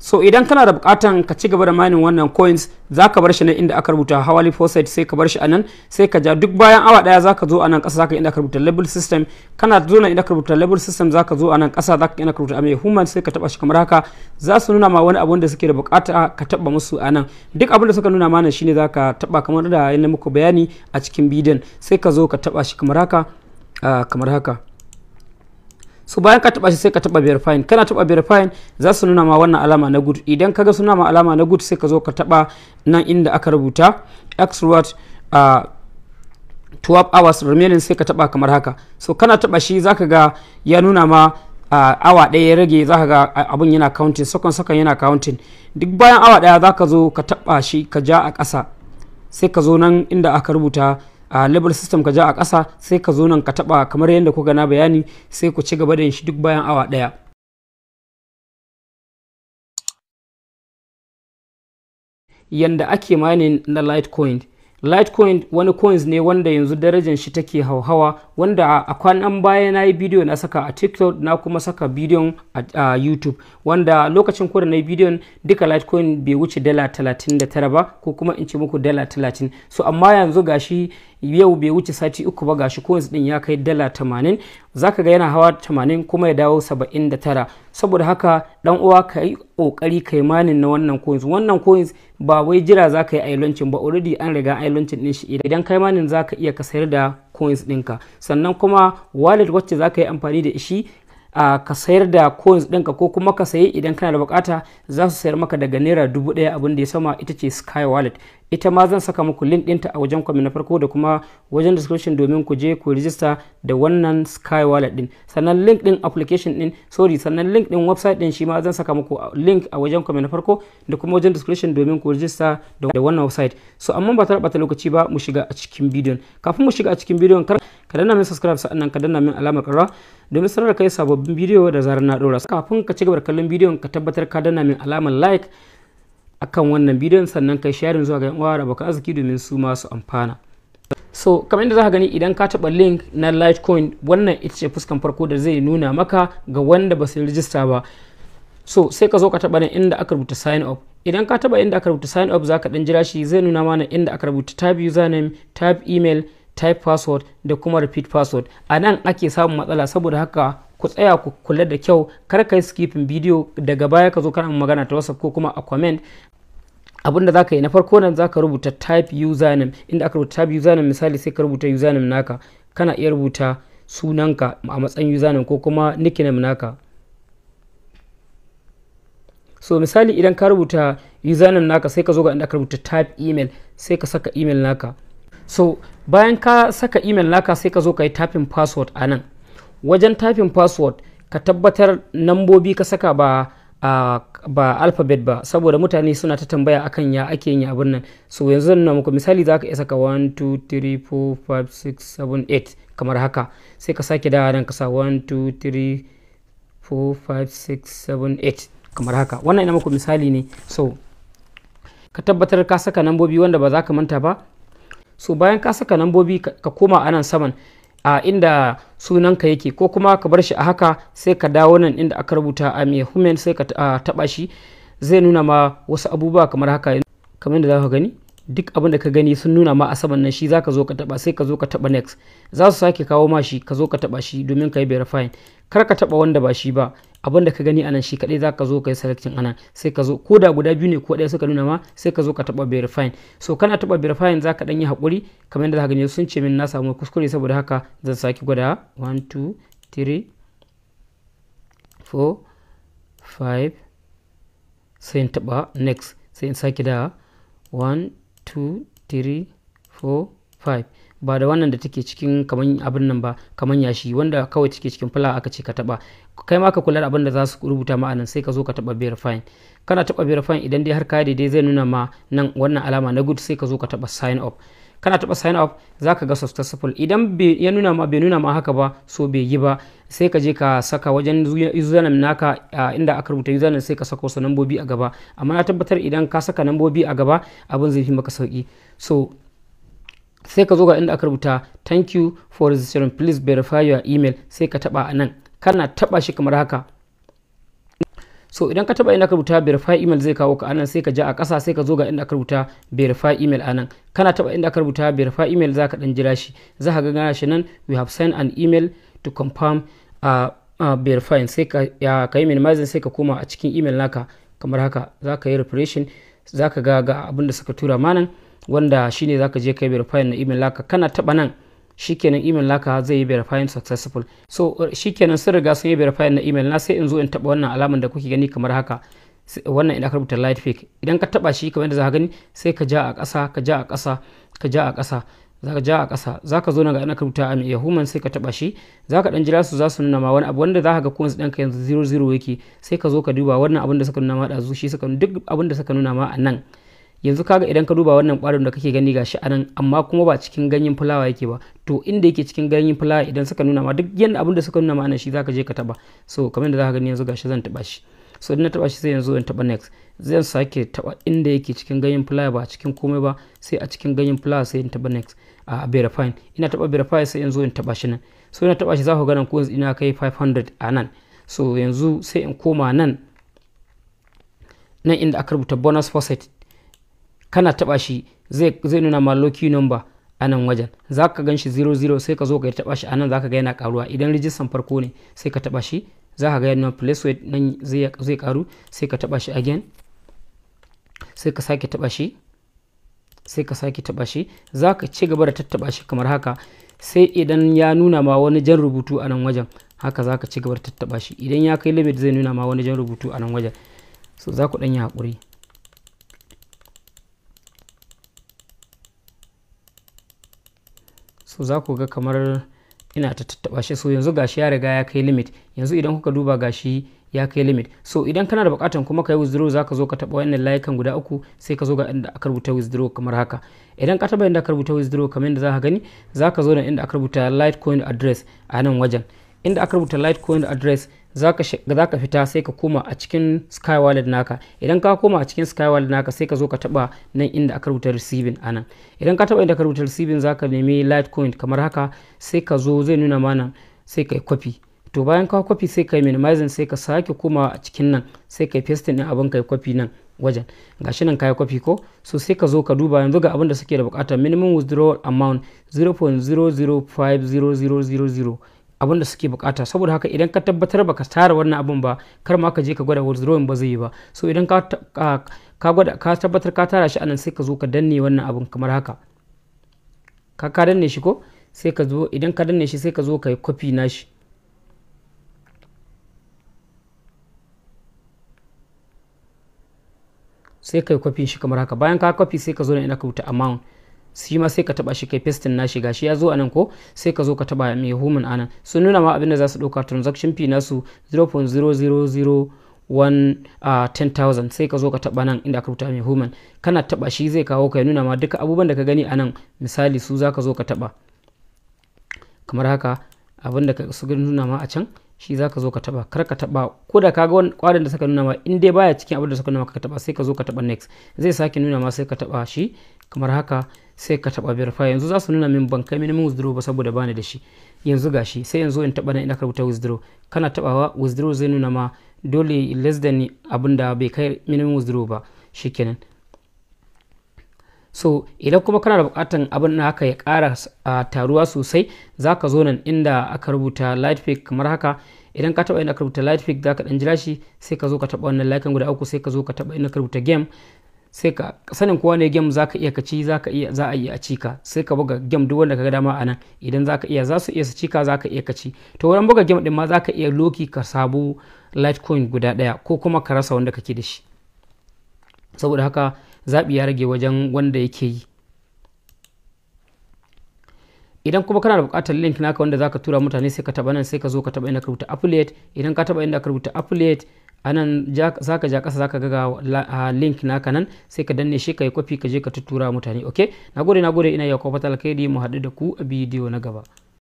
so idan kana da bukatan ka ci gaba da mining wannan coins za ka bar shi nan inda aka rubuta hawali faucet sai ka bar shi anan sai ka ja duk bayan awa daya za ka zo a nan kasa za ka inda aka rubuta level system kana zo nan inda aka rubuta level system za ka zo a nan kasa za ka inda aka rubuta ame human sai ka taba shi kamar haka za su nuna ma wani abu da suke da bukata ka taba musu a nan duk abin da suka nuna mana shine za ka taba kamar da yana muku bayani a cikin bidiyon sai ka zo ka taba shi kamar haka ah, kamar haka so bayan ka taba shi sai ka taba verifying kana taba verifying za su nuna ma wannan alama na good idan kaga suna ma alama na good sai ka zo ka taba nan inda aka rubuta xrot a 12 hours remaining sai ka taba kamar haka so kana taba shi zaka ga ya nuna ma Uh, awa ɗaya ya rage za ka ga abun yana counting sakon second yana counting duk bayan awa daya za ka zo ka taɓa shi ka ja a ƙasa sai ka zo nan inda aka rubuta a level system ka ja a ƙasa sai ka zo nan ka taɓa kamar yadda ku na bayani sai ku ci gaba da yin shi duk bayan awa ɗaya yanda ake mining na litecoin Litecoin wani coins ne wanda yanzu darajar shi take hauhawa wanda a kwanan baya na yi bidiyo na saka a TikTok na kuma saka bidiyon a YouTube wanda lokacin kura na yi bidiyon duka Litecoin bai wuce dala 39 ba ko kuma in ce muku dala 30 so amma yanzu gashi yau bai wuce sati uku ba gashi coins din ya kai dala tamanin zaka ga yana hawa tamanin kuma ya dawo saba'in da tara saboda haka dan uwa ka yi kokari ka manin na wannan coins wannan coins ba wai jira za ka yi ailoncin ba already an riga ailoncin din shi idan kai manin za ka iya ka sayar da coins ɗinka sannan kuma wallet wacce za ka yi amfani da shi Uh, ka sayar da coins ɗinka ko kuma ka sayi idan kana da bukata za su sayar maka daga naira dubu ɗaya abin da ya sama ita ce sky wallet ita ma zan saka muku link ɗinta a wajen kwamin na farko da kuma wajen description domin ku je ku rijista da wannan sky wallet ɗin sannan link ɗin application ɗin sorry sannan link ɗin website ɗin shi ma zan saka muku link a wajen kwamin na farko da kuma wajen description domin ku rijista da wannan website so amma ba ta lokaci ba mu shiga a cikin bidiyon kafin mu shiga a cikin bidiyon kar ka danna min subscribe sannan ka danna min alamar ƙararra domin sanar da kai sababbin bidiyo da zarar na ɗora kafin ka ci gaba da kallon bidiyon ka tabbatar ka danna min alamar like akan wannan bidiyon sannan kai sharing zuwa ga yan uwa da abokan arziki domin su ma su amfana so kamar yadda za ka gani idan ka taɓa link na litecoin wannan ita ce fuskan farko da zai nuna maka ga wanda ba su rijista ba so sai ka zo ka taɓa nan inda aka rubuta sign up idan ka taɓa inda aka rubuta sign up za ka ɗan jira shi zai nuna mana inda aka rubuta tab username tab email type password da kuma repeat password a nan ake samun matsala saboda haka ku tsaya ku kula da kyau kar ka yi skipping bidiyo daga baya ka zo kana magana ta whatsapp ko kuma a comment abin da zaka yi na farko nan zaka rubuta type username inda aka rubuta type username misali sai ka rubuta username naka kana iya rubuta sunanka a matsayin username ko kuma nickname naka so misali idan ka rubuta username naka sai ka zo ga inda aka rubuta type email sai ka saka email naka so bayan ka saka email naka sai ka zo ka yi tafin password a nan wajen tafin password ka tabbatar nambobi ka saka ba uh, ba alphabet ba saboda mutane suna ta tambaya akan ya ake yin abin nan so yanzu zan nuna muku misali za ka iya saka 1 2 3 4 5 6 7 8 kamar haka sai ka sake dawa nan ka sa 1 2 3 4 5 6 7 8 kamar haka wannan ina muku misali ne so ka tabbatar ka saka nambobi wanda ba za ka manta ba so bayan ka saka lambobi ka koma anan saman a inda sunanka yake ko kuma ka bar shi a haka sai ka dawo nan inda aka rubuta a amir human sai ka taba shi zai nuna ma wasu abubuwa kamar haka kamar da za ka gani duk abin da ka gani sun nuna ma saman nan shi za ka zo ka taba sai ka zo ka taba next za su sake kawo ma shi ka zo ka taba shi domin ka yi verifying kar ka taba wanda ba shi ba abin da ka gani anan shi kadai za ka zo ka yi selecting anan sai ka zo ko da guda biyu ne ko ɗaya suka nuna ma sai ka zo ka taba verifying so kana taba verifying za ka dan yi hakuri kamar yadda za ka gani sun ce min na samu kuskure saboda haka zan sake gwada 1 2 3 4 5 sai in taba next sai in sake da 1 2 3 4 5 ba da wannan da take cikin kaman abin nan ba kaman yashi wanda kawai take cikin fulawa aka ce ka taba kai ma ka kula da abin da za su rubuta ma anan sai ka zo ka taba verify kana taba verify idan dai har ka daidai zai nuna ma nan wannan alama na good sai ka zo ka taba sign up kana taɓa sign up za ka ga successful idan ya nuna ma bai nuna ma haka ba so bai yi ba sai ka je ka saka wajen username naka inda aka rubuta username sai ka saka wasu nambobi a gaba amma na tabbatar idan ka saka nambobi a gaba abin zai fi maka sauki so sai ka zo ga inda aka rubuta thank you for registering please verify your email sai ka taba a nan kana taɓa shi kamar haka so idan ka taba inda ka rubuta verify email zai kawo ka anan sai ka ja a ƙasa sai ka zo ga inda ka rubuta verify email anan kana taba inda ka rubuta verify email za dan jira shi za ka gana shi nan we have sent an email to confirm a uh, uh file sai ka ya ka yi minimizing sai ka koma a cikin email naka kamar haka za yi refreshing za ga ga abin da suka tura manan wanda shine za ka je ka yi na email naka kana taba nan shikenan email naka zai yi verifying successful so uh, shikenan sun riga sun yi verifying na email na sai in zo in taba wannan alaman da kuke gani kamar haka wannan idan ka rubuta light fake idan ka taba shi kamar yadda za ka gani sai ka ja a ƙasa ka ja a ƙasa ka ja a ƙasa za ka ja a ƙasa za ka zo na ga ana rubuta am ya human sai ka taba shi za ka dan jira su za su nuna ma wani abu wanda za ka ga kowansu ɗanka yanzu 00 yake sai ka zo ka duba wannan abin da suka nuna ma ɗazu shi suka duk abin da suka nuna ma a nan yanzu kaga idan ka duba wannan kwarin da kake gani gashi anan amma kuma ba cikin ganyen fulawa yake ba to inda yake cikin ganyen fulawa idan suka nuna ma duk yanda abin da suka nuna ma anan shi zaka je ka taba so kamar yadda zaka gani yanzu gashi zan taba shi so idan na taba shi sai yanzu in taba next zan sake taba inda yake cikin ganyen fulawa ba cikin komai ba sai a cikin ganyen fulawa sai in taba next a verify ina taba verify sai yanzu in taba shi nan so ina taba shi za ga nan ko yanzu ina kai 500 anan so yanzu sai in koma nan nan inda aka rubuta bonus faucet kana taba shi zai nuna ma lucky number a nan wajen za ka gan shi 00 sai ka zo ka taba shi a nan za ka ga yana karuwa idan rijistan farko ne sai ka taba shi za ka ga yana place weight nan zai karu sai ka taba shi again sai ka sake taba shi sai ka sake taba shi za ka ci gaba da tattaba shi kamar haka sai idan ya nuna ma wani jan rubutu a nan wajen haka za ka ci gaba da tattaba shi idan ya kai limit zai nuna ma wani jan rubutu a nan wajen so za ku ɗan yi haƙuri so za ku ga kamar ina ta tattaba shi so yanzu gashi ya riga ya kai limit yanzu idan kuka duba gashi ya kai limit so idan kana da bukatan kuma ka yi withdraw za ka zo ka taba wannan layukan guda uku sai ka zo ga inda aka rubuta withdraw kamar haka idan ka taba inda aka rubuta withdraw kamar yadda za ka gani za ka zo da inda aka rubuta litecoin address a nan wajen inda aka rubuta litecoin address za ka fita sai ka koma a cikin sky naka idan ka koma a cikin sky naka sai ka zo ka taba nan inda aka rubuta receiving anan idan ka taba inda aka rubuta receiving za ka nemi litecoin kamar haka sai ka zo zai nuna mana sai ka yi copy to bayan ka kwafi sai ka yi minimizing sai ka sake koma a cikin nan sai ka yi pasting din abin ka yi kwafi nan wajen gashi nan yi kwafi ko so sai ka zo ka duba yanzu ga abin da suke da bukata minimum withdrawal amount 0.005000 abin da suke bukata saboda haka idan ka tabbatar baka tara wannan abin ba kar ma ka je ka gwada withdrawing ba zai yi ba so idan ka gwada ka tabbatar ka tara shi anan sai ka zo ka danne wannan abin kamar haka ka ka danne shi ko sai ka zo idan ka danne shi sai ka zo ka yi copy na shi sai ka yi copy shi kamar haka bayan ka copy sai ka zo na ina ka wuta amount shi ma sai ka taba shi kai pasting na shiga shi ya zo anan ko sai ka zo ka taba mai human anan sun nuna ma abinda za su dauka transaction fee nasu 0.0001 uh, 10,000 sai ka zo ka taba nan inda aka rubuta mai human kana taba shi zai kawo ka nuna ma duka abubuwan da ka gani anan misali su za ka zo ka taba kamar haka abinda da su nuna ma a can shi za ka zo ka taba kar ka taba ko da ka ga kwarin da suka nuna ma in dai baya cikin abin da suka nuna ma ka taba sai ka zo ka taba next zai sake nuna ma sai ka taba shi kamar haka sai ka taba verify yanzu za su nuna min ban kai minimum withdraw ba saboda bani da shi yanzu gashi sai yanzu in taba nan ina karbuta withdraw kana tabawa withdraw zai nuna ma dole less than abinda bai kai minimum withdraw ba shikenan so idan kuma kana da bukatan abin da haka ya kara taruwa sosai za ka zo nan inda aka rubuta light pick kamar haka idan ka taba inda aka rubuta light pick za dan jira shi sai ka zo ka taba wannan like guda uku sai ka zo ka taba inda aka rubuta game sai ka sanin kowa ne game za ka iya ka ci za ka iya za a iya a cika sai ka buga game duk wanda ka ga dama a nan idan za ka iya za su iya su cika za ka iya ka ci to wurin buga game din ma za ka iya loki ka sabu litecoin guda daya ko kuma ka rasa wanda kake da shi saboda haka zaɓi ya rage wajen wanda yake yi idan kuma kana da bukatar link naka wanda zaka tura mutane sai ka taba nan sai ka zo ka taba inda ka rubuta affiliate idan ka taba inda ka rubuta affiliate anan zaka ja kasa zaka ga link naka nan sai ka danne shi kai copy ka je ka tuttura mutane okay nagode nagode ina yau ko fatal kai mu haɗu da ku a bidiyo na gaba